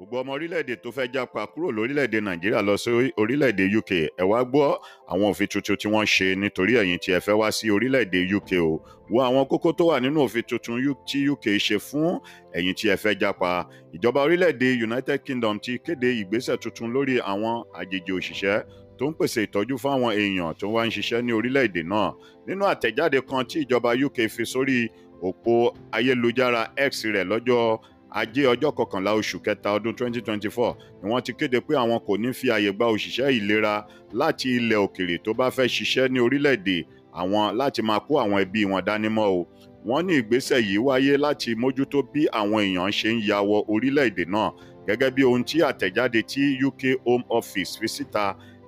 gbogbo ọmọ orílẹ̀-èdè tó fẹ́ jápa kúrò lórílẹ̀-èdè nàìjíríà lọ sí orílẹ̀-èdè uk ẹ wá gbọ́ àwọn òfin tuntun tí wọ́n ṣe nítorí ẹ̀yin tí ẹ fẹ́ wá sí orílẹ̀-èdè uk o wo àwọn kókó tó wà nínú òfin tuntun tí uk ṣe fún ẹ̀yin tí ẹ fẹ́ jápa ìjọba orílẹ̀-èdè united kingdom ti kéde ìgbésẹ̀ tuntun lórí àwọn àjèjì òṣìṣẹ́ tó ń pèsè ìtọ́jú fáwọn èèyàn tó wá ń ṣiṣẹ́ ní orílẹ̀-èdè náà nínú àtẹ̀jáde kan tí ìjọba uk fi sórí òpó ayélujára x rẹ̀ lọ́jọ́ ajé ọjọ́ kọkànlá oṣù kẹta ọdún 2024 ni wọ́n ti kéde pé àwọn kò ní fi àyè gba òṣìṣẹ́ ìlera láti ilẹ̀ òkèrè tó bá fẹ́ ṣiṣẹ́ ní orílẹ̀-èdè àwọn láti máa kó àwọn ẹbí wọn dání mọ́ o wọ́n ní ìgbésẹ̀ yìí wáyé láti mójútó bí àwọn èèyàn ṣe ń ya wọ orílẹ̀-èdè náà gẹ́gẹ́ bí ohun tí àtẹ̀jáde tí UK Home Office fi síta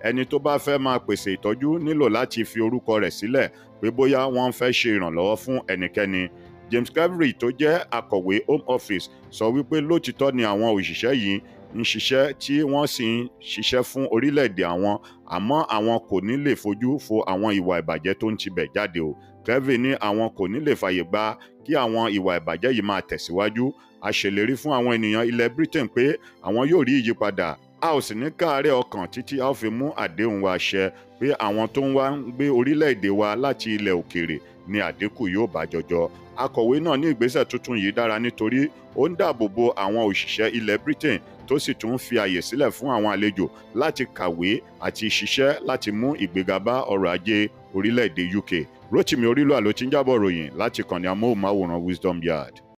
ẹni tó bá fẹ́ máa pèsè ìtọ́jú nílò láti fi orúkọ rẹ̀ sílẹ̀ pé bóyá wọ́n fẹ́ ṣe ìrànlọ́wọ́ fún ẹnikẹ́ni James Carvery tó jẹ́ akọ̀wé Home Office sọ wípé lótìtọ́ ni àwọn òṣìṣẹ́ yìí ń ṣiṣẹ́ tí wọ́n sì ń ṣiṣẹ́ fún orílẹ̀-èdè àwọn àmọ́ àwọn kò ní lè fojú fo àwọn ìwà ìbàjẹ́ tó ń tibẹ̀ jáde o Kevin ní àwọn kò ní lè fàyè gba kí àwọn ìwà ìbàjẹ́ yìí máa tẹ̀síwájú a ṣèlérí fún àwọn ènìyàn ilẹ̀ Britain pé àwọn yóò rí ìyípadà a ò sì ní káàárẹ̀ ọkàn títí a ó fi mú àdéhùn wa ṣẹ pé àwọn tó ń wá ń gbé orílẹ̀-èdè wa láti ilẹ̀ òkèèrè ni àdínkù yóò bá jọjọ akọ̀wé náà ní ìgbésẹ̀ tuntun yìí dára nítorí ó ń dáàbò bo àwọn òṣìṣẹ́ ilẹ̀ Britain tó sì tún fi àyè sílẹ̀ fún àwọn àlejò láti kàwé àti ṣiṣẹ́ láti mú ìgbéga bá ọrọ̀ ajé orílẹ̀ UK Rótìmí Orílùwà ló ti ń jábọ̀ ròyìn láti kàn ní amóhùnmáwòrán Wisdom Yard.